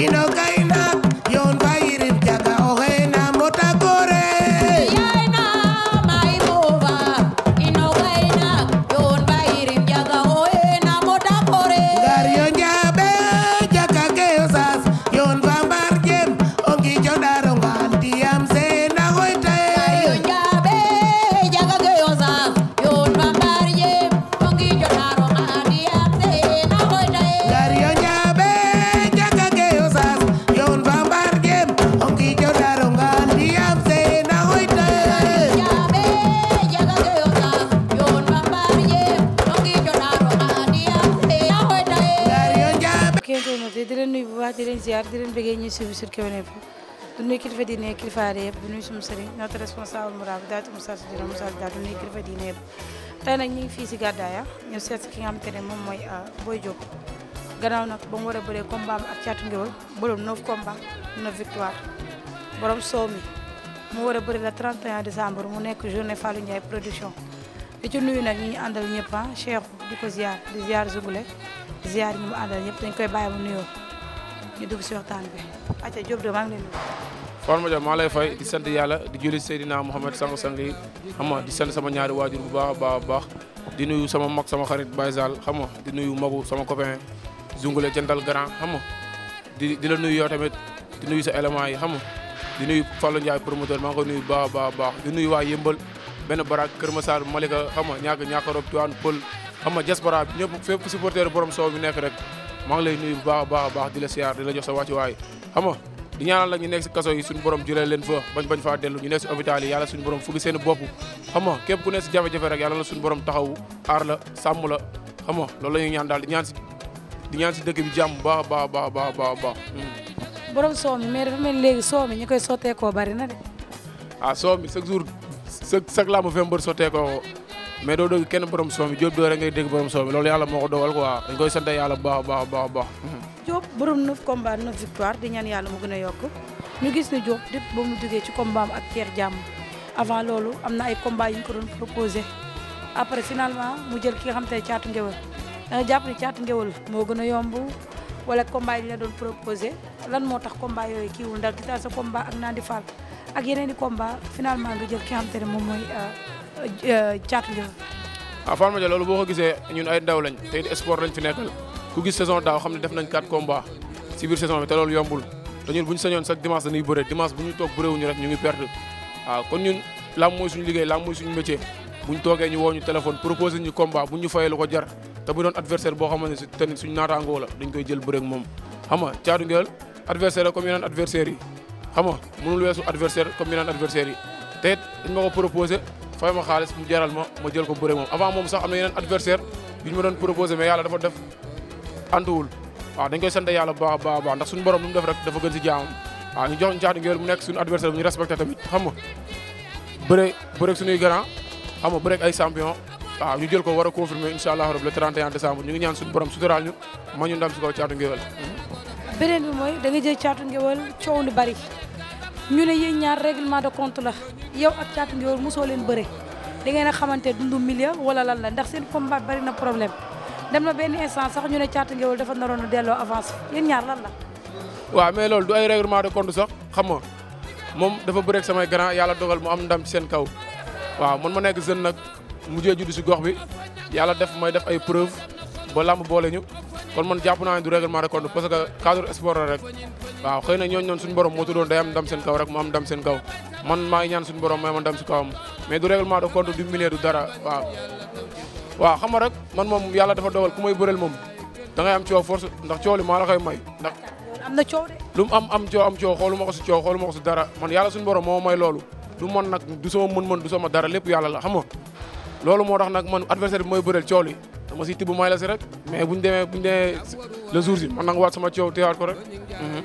y no caí ziar di leen bëggee ñuy suivi sur Kewel Info du nuyu kilifa diine yëpp kilifa aada yëpp responsable moral bi daal di Moussa Soudira Moussa nag ñu fii si gàddaaya ñu seet ki nga xam ne moom mooy euh, Boy Diop gannaaw nag ba mu war a bëree combat am ak caatu ngéwél borom 9 combat 9 victoire borom soow mi mu war a bëri la 31 décembre mu nekk journée Fallou Ndiaye production di ci nuyu nag ñi ñu àndal ñëpp ah Cheikh di ko ziar di ziar Zougule di ziar ñi mu àndal ñëpp dañ koy bàyyi mu ñu dugg si waxtaan bi. Aca Diop de maa ngi lay fay di sant yàlla di julli Seydina Mouhamed sang sang yi xam nga di sant sama ñaari waajur bu baax a baax baax di nuyu sama mag sama xarit Baye Sall xam nga di nuyu magu sama copain Zoungale Jandal Grand xam nga di di la nuyu yow tamit di nuyu sa éléments yi xam di nuyu Fallou Ndiaye promoteur maa ngi nuyu baax a baax a baax di nuyu waa Yëmbal benn baraak Kër Massar Malika xam nga ñaaka ñaaka rob Tivaouane Pël xam nga diaspora bi borom soow bi nekk rek maa ngi lay nuyu bu baax a baax a baax di la siyaar di jox sa wàcci waay xam di ñaanal la ñu nekk si kaso yi suñu borom jëlee leen fa bañ bañ faa dellu ñu nekk si hôpital yi yàlla suñu fuggi seen bopp xam nga ku nekk si jafe-jafe rek yàlla la suñu borom taxawu aar la sam la xam nga loolu la ñuy ñaan daal di ñaan si di ñaan si dëkk bi jàmm baax baax baax baax baax baax hmm. borom soow mi mais dafa mel ni léegi soow mi koy sotteekoo bari na de ah soow mi chaque jour chaque chaque laa ma fem mbër mais doo dégg kenn borom soomi Diop doo rek ngay dégg borom soomi loolu yàlla moo ko dogal quoi dañ koy sant yàlla bu baax baax baax. Diop borom neuf combat neuf victoire di ñaan yàlla mu gën yokk ñu gis ne Diop dëpp ba mu jógee ci combat ak Pierre Diam avant loolu am na ay combat yu ko doon proposé après finalement mu jël ki nga xam te ne caatu ngewal da nga jàpp ne caatu ngewal moo gën a yomb wala combat yi la doon proposé lan moo tax combat yooyu kiiwul ndax gisaal a combat ak di Fall ak yeneen i combat finalement nga jël ki xam te ne moom mooy. Euh, Thiat euh, euh, Nguéweul waaw ah, Fatma Dia boo ko gisee ñun ay ndaw lañ te it sport lañ fi nekkal ku gis saison daaw xam ne def nañ 4 combats si saison bi te loolu yombul te ñun bu ñu sañoon chaque dimanche dañuy bëre dimanche bu ñu toog bëréewuñu rek ñu ngi perte waaw ah, kon ñun lam mooy suñu liggéey lam mooy suñu métier bu ñu toogee ñu woo ñu téléphone proposé ñu combat bu ñu fayee lu ko jar te bu doon adversaire boo xamante ne tamit suñu naataangoo dañ koy jël bëre moom xam nga Thiatou Nguéweul adversaire la comme yeneen adversaire yi xam nga mënul weesu fay ma xaalis mu jaral ma ma jël ko bëre moom avant moom sax am na yeneen adversaire yu ñu ma doon proposé yàlla dafa def antuwul waaw dañ koy a baax ndax suñu borom lu mu def rek dafa gën si jaamam waaw ñu jox ñu caatu mu nekk suñu adversaire bu ñu respecté tamit xam nga bëre bëre suñuy grand xam ñu jël ko war a confirmer incha allah rabbi le 31 décembre ñu ngi borom suturaal ñu ma ñu si kaw caatu ngéwél beneen bi mooy da jël caatu ngéwél coow lu bari ñu ne yéen ñaar règlement de compte la yow ak Caatu Ngéwél leen bëre da ngeen a xamante dundu milieu wala lan la ndax seen combat bari na problème dem na benn instant sax ñu ne Caatu Ngéwél dafa naroon a delloo avance yéen ñaar lan la. waaw mais loolu du ay règlement de compte sax xam nga moom dafa bëreeg samay grand yàlla dogal moo am ndam ci seen kaw waaw man ma nekk jeune nag mujjee juddu si gox bi yàlla def may def ay preuve ba làmb boole ñu kon man jàpp naa ne du règlement de compte parce que cadre sport la rek waaw xëy na ñooñu noonu suñu borom moo tuddoon day am ndam seen kaw rek mu am ndam seen kaw man maa ngi ñaan suñu borom ma ndam si kawam rek man moom yàlla dafa dogal ku may moom da am coow force ndax coow li maa la koy may ndax. lu mu am am coow am coow xooluma ko si coow xooluma ko si dara man yàlla suñu borom moo may loolu du man nag du sama mën-mën du sama dara lépp yàlla la xam nga loolu moo tax nag man adversaire bi mooy bëreel coow li dama siy tibb may la si rek mais bu ñu demee bu ñu demee le jour si man na nga waat sama coow teewaat ko rek. Mhm.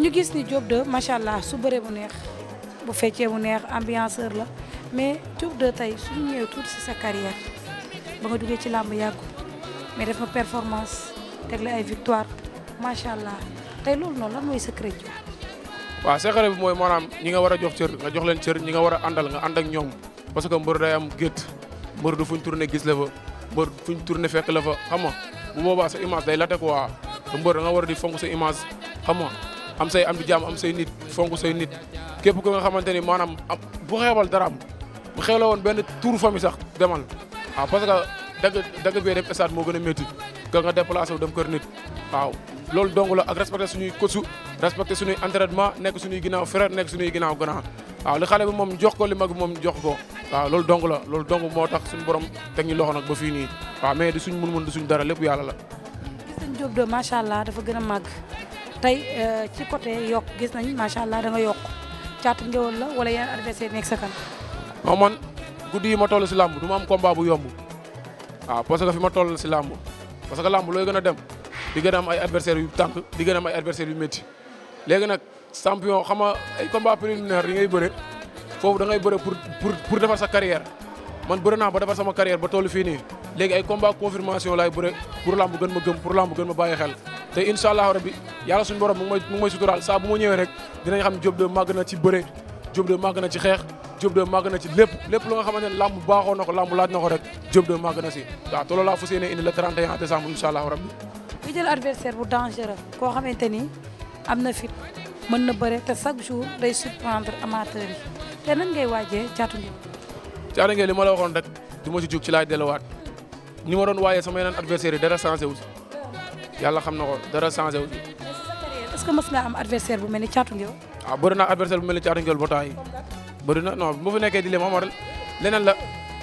ñu gis ni Diop 2 macha allah su bëree bu neex bu feccee bu neex ambianceur la mais Diop 2 tey suñu ñëwee tuuti si sa ba nga duggee ci làmb yàggu mais def nga performance teg la ay victoire macha allah tey loolu noonu lan mooy secret bi. waaw secret mooy maanaam ñi nga war a jox cër nga jox leen cër ñi nga war a àndal nga ànd ak ñoom parce que mbër day am gétt mbër du fuñ tourné gis la fa. mbër fuñ tourné fekk la fa xam nga bu boobaa sa image day late quoi te mbër da war a di fonk sa image xam am say am di jàmm am say nit fonk say nit képp ko nga xamante ni maanaam bu xeebal dara bu xeebla woon benn tour famille sax demal waaw ah, parce que dagg dagg bee moo gën a métti ka nga déplacé wu dem kër nit waaw loolu dong la ak respecté suñuy coach su suñuy entraînement nekk su suñuy ginnaaw frère nekk suñuy ginnaaw grand waaw li xale bi moom jox ko li mag bi moom jox ko waaw loolu dong la loolu dong moo tax suñu borom teg ñu loxo nag ba fii nii waaw mais di suñ mën-mën di suñ dara lépp yàlla gis nañ Diop de macha allah dafa gën a màgg tey euh, ci côté yokk gis nañ macha allah da nga yokk caatu ngéwël la wala yeneen adversaire nekk sa kan. non man guddi yi ma toll si làmb du ma am bu yomb waaw parce que fi ma toll si làmb parce que làmb looy gën a dem di gën am ay adversaires yu tànk di gën a am ay adversaires yu métti léegi nag. champion xam nga ay combat préliminaire yi ngay bëre foofu da bëre pour defar sa carrière man bëre naa ba defar sama carrière ba tollu fii léegi ay combat confirmation laay bëre pour lamb gën ma gëm pour lamb gën ma bàyyi xel te incha allah rabbi yàlla suñu borom mu may suturaal saa bu ñëwee rek dinañ xam Diop 2 màgg na ci bëre Diop 2 màgg na ci xeex Diop 2 màgg na ci lépp lépp lu nga xamante lamb baaxoo na ko lamb laaj na ko rek Diop 2 mën na bëre te chaque jour day surprendre amateur yi te nan ngay waajee caatu ngeen. caatu ngeen li ma la waxoon rek du ma si jug ci laay delluwaat ni ma doon waayee sama yeneen adversaire yi dara changé wu si yàlla xam na ko dara changé wu si. est-ce que mës am adversaire bu mel ni caatu ngeen. ah bëri naa adversaire bu mel ni caatu ngeen ba temps yi bëri na non bu nekkee di leen xam leneen la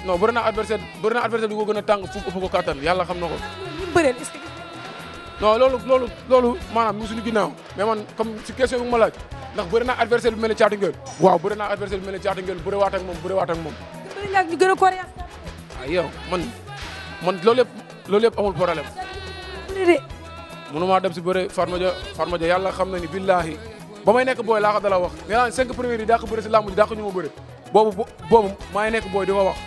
non bëri naa adversaire bëri naa adversaire bi ko gën a tàng fuuf ëpp ko kattan yàlla xam na ko. non loolu loolu loolu maanaam mu suñu ginnaaw mais man comme si question bi ma laaj ndax bëri naa adversaire bu mel ne Thiatou Nguéweul waaw bëri naa adversaire bu mel ne Thiatou Nguéweul bëri waat ak moom bëri waat ak moom ñu gën ko ah, yow man man loolu yëpp loolu yëpp amul problème mënumaa dem si bëre Fatmaja Fatmaja yàlla xam na ni billaahi ba may nekk booy laa ko dala wax nee naa cinq premiers yi daa ko bëri si làmb ji daa ko ñu ma bëri boobu boobu maa ngi nekk booy di ko wax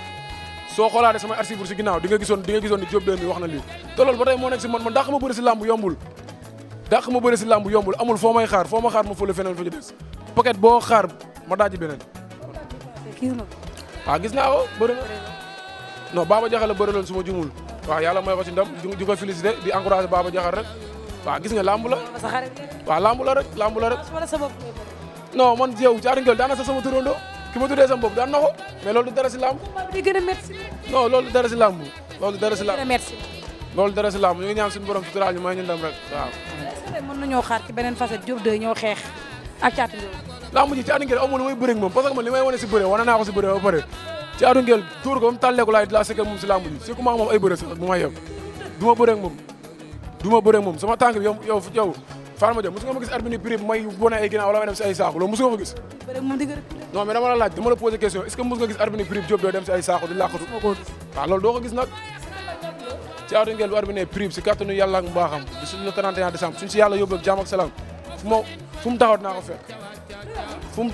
soo xoolaatee samay archive si ginnaaw di nga gisoon di nga gisoon ni Diop 2000 wax na lii te ba tey moo nekk si man man ma bëri si làmb yombul dàq ma bëri si làmb yombul amul foo may xaar foo ma xaar ma fële feneen fa ci boo xaar ma daaji beneen waa ah, gis naa ko bëri na baa ba jaxal la bëri loon su ma jumul waaw yàlla may ko ci ndam di ko félicité di encouragé Baba Diakhar rek waaw gis nga làmb la waaw làmb la rek làmb la rek non man yow ci aringel daana sa sama turandoo ki ma tuddee sama bopp daan na du dara si làmb. di gën a métti. non loolu du dara si làmb. loolu du si làmb si làmb ñu ngi ñaan suñu rek waaw. est-ce que xaar ci beneen facette Diop 2 xeex ak Thiatou Nguéweul. ji ci Atou Nguéweul amul lu may bëre ak moom parce que man li may wane si bëre wane naa ko si bëre ba pare ci Atou Nguéweul tuur ko ba mu tàllee ko laay laa sekkal moom ji si ku moom ay bëre moom du ma bëre moom sama tànk bi yow Fane Madiame mosu nga ma gis arbitre prix bi may wane ay ginnaaw wala may dem si ay saako loolu mosu nga ko gis non mais dama la dem si ay saako di làqatu waaw loolu doo ko gis nag ci awti ngeen bu arbitre prix bi si kàttanu yàlla ak mbaaxam bi si yàlla yóbbu ak jàmm salaam fu taxaw dinaa ko fekk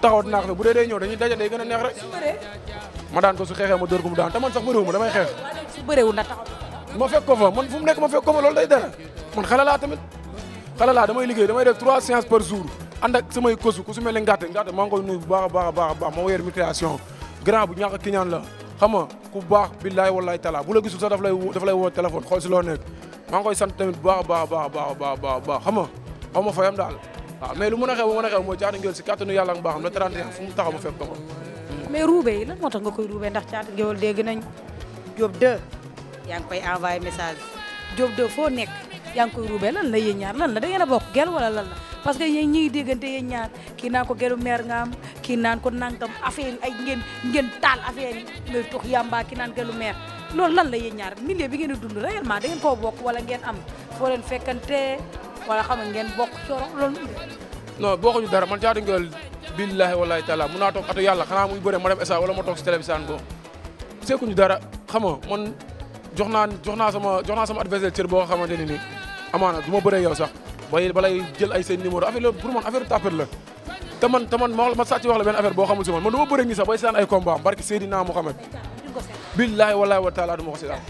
taxaw dinaa ko bu dee day ñëw dañuy daje day gën a neex rek ma daan ko su xeexee ma dóor daan te sax bëréewu ma damay xeex ma fekk ko fa man fu mu nekk ma fekk ko lo loolu day dara xale laa damay liggéey damay def trois séances par jour ànd samay kosu ku su mel ne ngàtte ngàtte baax a baax a baax a baax ma weer grand bu ñàkk kiñaan la xam ku baax billaay wallaay talaa bu la gisul sax daf lay daf téléphone xool si loo nekk maa sant tamit bu baax a baax a baax baax baax xam nga aw daal waaw mais lu mën a mooy caata ngéwél si kàttanu yàlla ak mbaaxam la 31 fu mu taxaw ma fekk ko mais ruube yaa ngi koy ruubee lan la yéen ñaar lan la da ngeen a bokk gel wala lan la parce que yéen ñiy déggante yéen ñaar kii naan ko gelu meer nga am naan ko nangam affaire yi ay ngeen ngeen taal affaire yi ngay tux yàmbaa kii naan gelu meer loolu lan la yéen ñaar milieu bi ngeen di dund réellement da ngeen koo bokk wala ngeen am foo fekken fekkante wala xam ngeen bokk coro loolu non bokkuñu dara man caatu ngel billahi wallahi taala mun naa toog atu yàlla xanaa muy bëre ma dem esa wala ma toog si télévision ko dara xam nga man jox naa jox naa sama jox naa sama adversaire boo xamante ni nii amaana du ma bëree yow sax bay balay jël ay seen numéro affaire pour man affaire tapet la te man te man ma sàcc wax la benn affaire boo xamul si man man du ma bëree nii sax bay seetaan ay combat am barke Seydina Mouhamed billaahi wallaahi wa du ma ko seetaan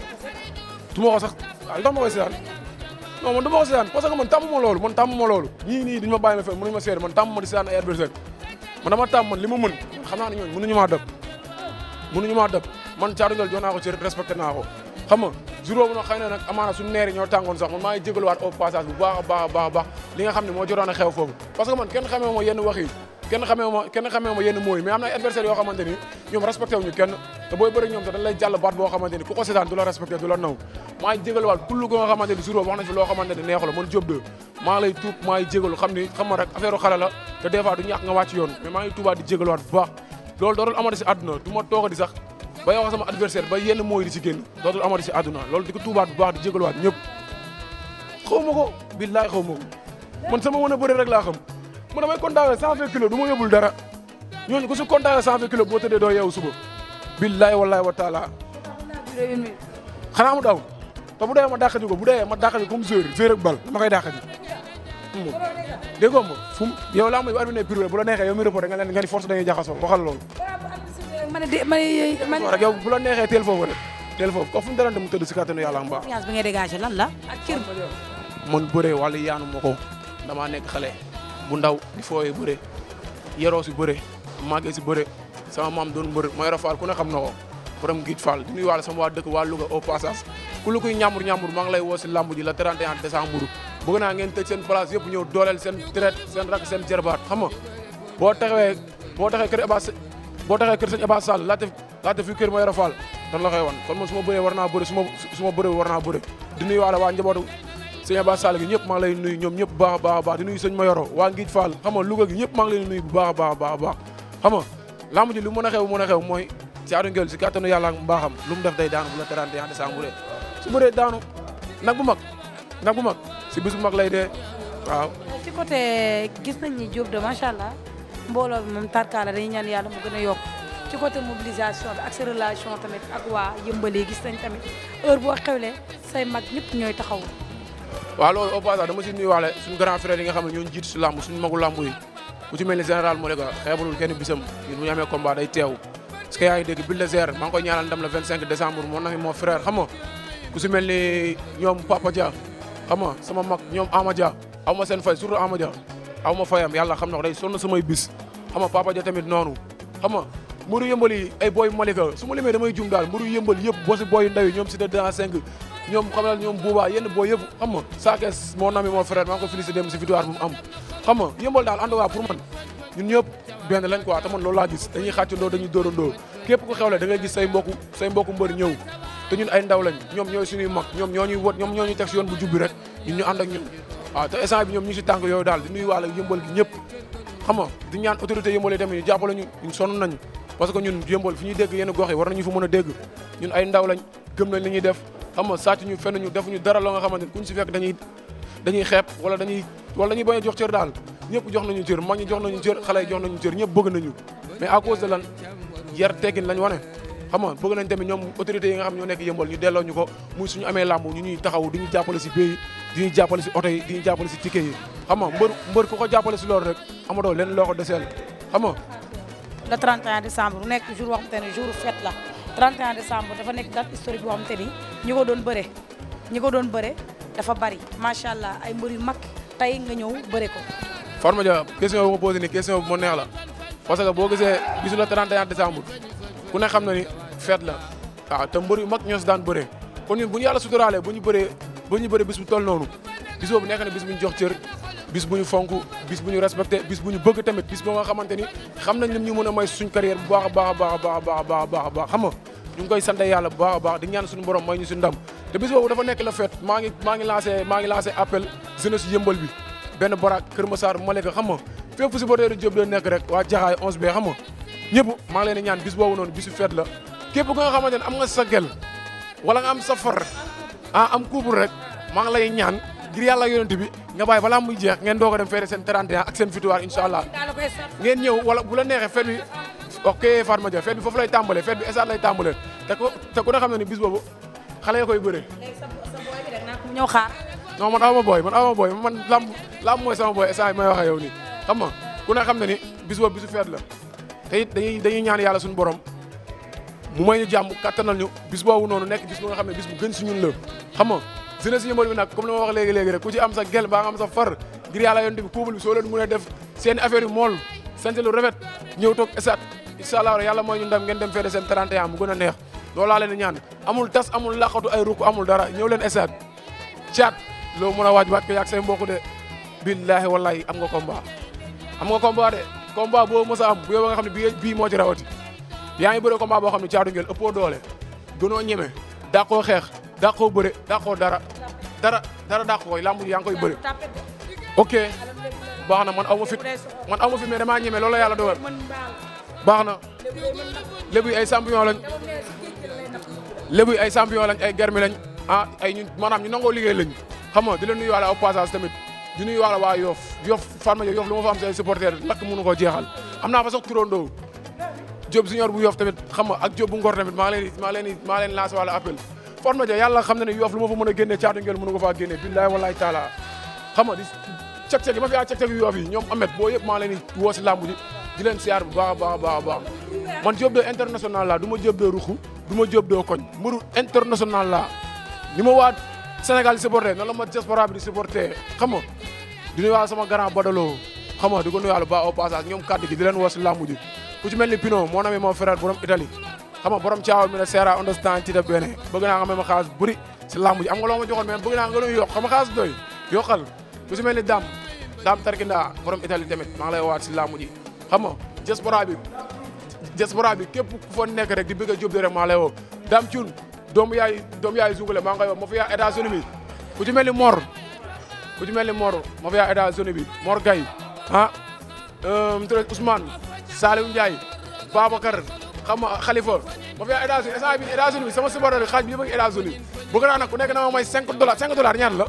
du ma ko sax waaw man du ma ko seetaan parce que man tàmm ma loolu man tàmm ma loolu ñii nii duñu ma bàyyi ma fen mënuñu ma seede man tàmm ma di seetaan ay adversaire man dama tàmm man li ma mën xam naa ne ñooñu mënuñu maa dab mënuñu maa dab man caatu ngel jox naa ko ci respecté naa xam nga juróom nag xëy na nag amaana suñu neeri ñoo tàngoon sax man maa ngi jégaluwaat au passage bu baax a baax a baax li nga xam ne moo jotoon a xew foofu parce que man kenn xamee ma yenn wax kenn xamee ma kenn mooy mais am na ay yoo xamante ñoom respecté wuñu kenn te booy bëri ñoom sax dañ lay jàll baat boo xamante ku ko seetaan du la respecté du la naw maa ngi jégaluwaat kullu go nga xamante wax nañ fi loo xamante ni ba yow sama adversaire ba yenn mooy di si génn dootul amati si àdduna loolu di ko tuubaat bu baax di jégaluwaat ñëpp xaw ma ko billaay xaw ma ko man sama mën a bëre rek laa xam a damay kontaanee cent vingt kilos du ma yóbbul dara ñooñu ko si kontaanee cent vingt kilos boo tëddee doo yeewu suba billaay wallaay wa taala xanaa mu daw te bu dee ma dàqaji ko bu dee ma dàqaji comme joueur joueur ak bal ma koy dàqaji dégg nga fu yow laa mooy bu arbitre ne bu la neexee yow mi ma ne de ma ne rek yow bu la neexee teel ko fu mu dalante mu tëdd si kàttanu yàlla am baax man bëree wàllu yaanu ma ko nekk xale bu ndaw di fooyee bëre yeroo si bëre màggee si bëre sama maam doon mbër Mayoro Fall ku ne xam na ko borom Guit Fall di nuyu wàlla sama waa dëkk waa Louga au passage ku lu kuy ñàmbur ñàmbur lay woo si lamb ji la 31 décembre bëgg naa ngeen tëj seen place yëpp ñëw dooleel seen traite seen rak seen jarbaat boo taxawee boo taxee boo taxee kër sëñ Aba Sall laa def laa def yu kër Mayoro la koy wan kon moom su ma bëree war naa bëri su ma su ma bëree war naa bëri di waa njabootu sëñ Aba Sall gi ñëpp maa lay nuyu ñoom ñëpp baax a baax a baax di nuyu sëñ Mayoro waa Ngid Fall xam nga gi ñëpp maa lay nuyu baax a baax a baax a baax xam nga lamb ji lu mën a xew mën a xew mooy Thiatou Nguéweul si kàttanu yàlla ak mbaaxam lu mu def day daanu bu la 31 décembre su bëree daanu nag bu mag nag bu mag si bis bu mag lay dee waaw ci gis nañ ni Diop macha allah mbooloo moom tarkaala dañuy ñaan yàlla mu gën a yokk ci côté mobilisation ak sa relation tamit ak waa yëmbalee gis nañ tamit heure boo xewlee say mag ñëpp ñooy taxaw waaw loolu au dama si nuyu waxle suñu grand frère yi nga xam ne ñoo jiitu si làmb suñu magu làmb yi ku ci mel ni général Modega xeebalul kenn bisam ñun bu ñu amee combat day teew parce que yaa ngi dégg Bulldozer maa ngi koy ñaanal ndam le 25 décembre moo na moo frère xam nga si mel ni ñoom Papa Dia xam sama mag ñoom Ama ma seen fay surtout Ama Dia aw ma fayam yàlla xam na ko day sonn samay bis xam nga papa ja tamit noonu xam nga mburu yëmbal yi ay booy malika su ma limee damay jum daal mburu yëmbal yëpp boo si booy ndaw ñoom si de dans cinq ñoom xamal ñoom buubaa yenn booy yëpp xam nga saakees moo nami moo frère maa ngi ko félicité dem si victoire bu mu am xam nga yëmbal daal ànd waa pour man ñun ñëpp benn lañ quoi te man loolu laa gis dañuy xàccandoo dañuy dóorandoo képp ku xewle da ngay gis say mbokku ñoom ñooy suñuy ñoom ñoo ñuy wot ñoom ñoo ñuy yoon bu waaw ah, te instant bi ñoom ñu ngi si tànk yooyu daal di nuyu waale yëmbal gi ñëpp xam di ñaan autorité yëmbal yi tamit ñu jàppale ñu ñu sonn nañu parce que ñun yëmbal fi ñu dégg yenn gox yi war nañu fa mën a dégg ñun ay ndaw lañ gëm nañ li ñuy def xam nga sàcc ñu fenn ñu defuñu dara loo nga xamante ni kuñ si fekk dañuy dañuy xeeb wala dañuy wala dañuy bañ a jox cër daal ñëpp jox nañu cër mag ñi jox nañu cër xale jox nañu cër ñëpp bëgg nañu mais à cause de lan yar teggin lañ wane xam nga bëgg nañ tamit ñoom autorité yi nga xam ñoo nekk yëmbal ñu delloo ñu ko muy suñu amee làmb ñu ñuy taxaw di ñu jàppale si béy di ñu jàppale si oto yi di ñu jàppale si ticket yi xam mbër mbër ko jàppale si loolu rek amatoo leen loo ko deseel xam nga le 31 décembre nekk jour boo xamante ne jour fête la 31 décembre dafa ni ñi ko doon bëre ñi ko doon bëre dafa bari macha allah ay mbër yu mag tey nga ñëw bëre ko Fatma Dia question bi ma posé ni question bu ma neex la parce que boo gisee bisu le 31 décembre ku feet la waaw te mbër yu mag ñoo si daan bëree kon ñun bu ñu yàlla suturaalee bu ñu bëree bu ñu bëree bis bu toll noonu bis boobu nekk na bis bu ñu jox cër bis bu ñu fonk bis bu ñu respecté bis bu ñu bëgg tamit bis a may suñ bu baax a baax a a a baax a koy sant yàlla bu baax a dafa nekk la fête maa ngi maa appel jeunesse yëmbal bi benn baraak Kër Massar Malika xam fu si ba teeru Diop doon nekk rek waa Jaxaay 11 b xam nga ñëpp maa ngi leen di ñaan bis boobu noonu bisu fête la képp ko nga xamante ne am nga sa gel wala nga am sa for ah am kuubul rek maa ngi lay ñaan ngir yàlla yonent bi nga bàyyi balaa muy jeex ngeen doog a dem feere seen 31 ak seen victoire incha allah ngeen ñëw wala bu la neexee fête bi ok Fatma Dia fête bi foofu lay tàmbalee fête bi esaat lay tàmbalee te ko te ku ne xam ne ni bis boobu xale ya koy bëree. ñëw xaar. non man aw ma booy man aw ma booy man lamb lamb mooy sama booy esaat may wax ak yow nii xam nga ku xam ne ni bis boobu la te it dañuy yàlla suñu borom mu may ñu jàmm kattanal ñu bis boobu noonu nekk bis bu nga xam ne bis bu gën si ñun la xam nga jeunesse yëmbal bi nag comme li ma wax léegi léegi rek ku ci am sa gel ba nga am sa far ngir yàlla yonte bi couple bi soo leen mënee def seen affaire yu mool sant lu rafet ñëw toog esat incha allah yàlla mooy ñu ndam ngeen dem feede seen 31 mu gën a neex loolu laa leen ñaan amul tas amul laqatu ay ruku amul dara ñëw leen esat caat loo mën a waaj waaj ko yaag say mbokk de billaahi wallaahi am nga combat am nga combat de combat boo mës a am bu yow nga xam ne bii bii moo ci rawati yaa ngi bëre combat boo xam ne caatu ngeen ëppoo doole gënoo ñeme dàqoo xeex dàqoo bëre dàqoo dara dara dara dàq koy làmb yaa koy bëre ok baax na man aw fit man aw ma fit mais damaa ñeme loolu la yàlla dogal baax na lébu ay champion lañ lébu ay champion lañ ay germi lañ ah ay ñun maanaam ñu nangoo liggéey lañ xam nga di la nuyu waale au passage tamit di nuyu waale waa Yoff Yoff Farma Yoff lu ma fa am say supporter lakk mënu ko jeexal am naa fa sax turandoo Diop junior bu Yoff tamit xam nga ak Diop bu Ngor tamit maa leen maa leen maa leen lancé wàllu yàlla xam na ne Yoff lu ma fa mën a génne caatu ngeen mënu faa génne billaahi wallaahi taala xam nga di cek-cek yi ma fi aa cek-cek yu yi ñoom Amet boo yëpp maa leen di woo si làmb ji di leen siyaar bu baax a baax a baax a baax man Diop de international la du ma Diop doo ruxu du ma Diop de koñ mbëru international la ni ma waa Sénégal di supporté noonu la ma diaspora bi di supporté xam nga di nuyu sama grand badaloo xam nga di ko nuyu bu baax au ñoom kàddu gi di leen woo si làmb ji ku ci mel ni Pino moo nami moo frère borom Italie xam nga borom caawa mi ne seera understand ci def bene bëgg naa nga may ma xaalis bëri si lamb ji am nga loo ma joxoon mais bëgg naa nga doon yokk xam nga xaalis doy yokkal ku ci mel ni Dame Dame Tarkinda borom Italie tamit maa lay waat si lamb ji xam nga bi diaspora bi képp ku fa nekk rek di bëgg a jóob rek maa lay woo Dame Thioune doomu yaay doomu yaay zugale maa ngi koy woo ma fi yaa États-Unis ku ci mel ni Mor ku ci mel ni Mor ma fi yaa bi Mor Gaye ah euh, mu tudd Saliou Ndiaye Babacar xam nga Khalifa ba fi États-Unis instant bi États-Unis sama subordonné xaaj bi yëpp a ngi États-Unis bëgg naa nag ku na ma may 5 dollars 5 dollars ñaata la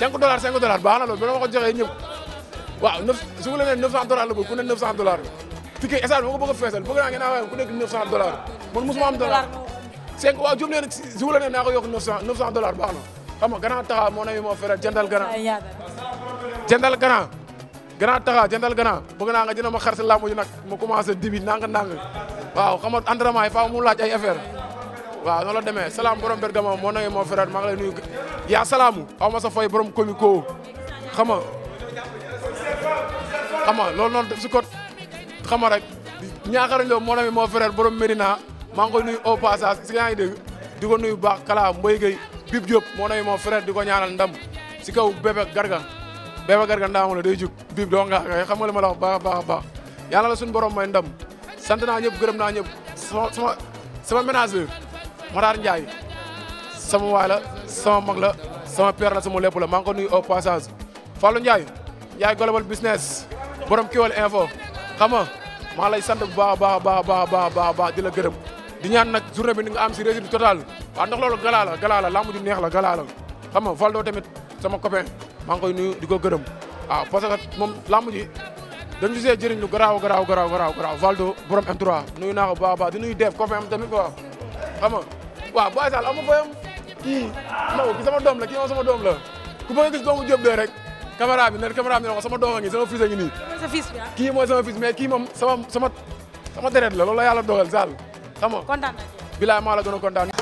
5 dollars 5 dollars baax na loolu bu ma ko joxee ñëpp waaw neuf su ma la nee 900 dollars la ku ne 900 dollars a feesal bëgg naa ngeen naa waaye ku nekk 900 dollars dollar 5 waaw jub leen su ma la naa ko yokk 900 900 dollars baax na xam nga gannaaw taxaw moo ne moo feral Grand Tafa jëndal Grand bëgg naa nga jënd ma xar si ji nag mu commencé dibi nang-nang waaw xam nga entraînement laaj ay affaire waaw noonu la demee salaam borom Bergamo moo nangee moo ferat maa ngi lay yaa salaamu aw ma sa fay borom comico xam nga xam nga loolu noonu def si kot xam nga rek ñaaxarañ loo moo nangee moo ferat borom Medina maa ngi koy si yaa ngi di ko nuyu baax kala Mboy Gueye Bib Diop moo nangee moo ferat di ko ñaanal ndam si kaw bébé Bébé Garga ndaamu la day jug biib doo nga xam ma la wax baax baax baax yàlla la suñu borom may ndam sant naa ñëpp gërëm naa ñëpp sama sama sama ménageur Mataar Njaay sama waay la sama mag la sama père la sama lépp la maa ngi ko nuyu passage Fallou Ndiaye Ndiaye global business borom Kewel info xam maa lay sant bu baax baax baax baax baax baax di la gërëm di ñaan nag journée bi ni nga am si résultat total waaw ndax loolu galaa la galaa la neex la galaa la xam nga Valdo sama maa ngi koy nuyu di ko gërëm waaw parce que moom làmb ji dañu see jëriñ lu garaaw garaaw garaaw garaaw garaaw Valdo borom m nuyu naa ko bu baax a baax di nuyu def ko am tamit quoi xam nga waaw Boy Sall am na kii Maw ki sama doom la kii moom sama doom la ku bëgg a gis doomu Diop de rek caméra ko sama doom a ngi sama fils a ngi nii. Ah. kii mooy sama fils mais kii moom sama deret la loolu la yàlla dogal Sall xam nga. kontaan naa ci bilaay maa la gën a kontaan.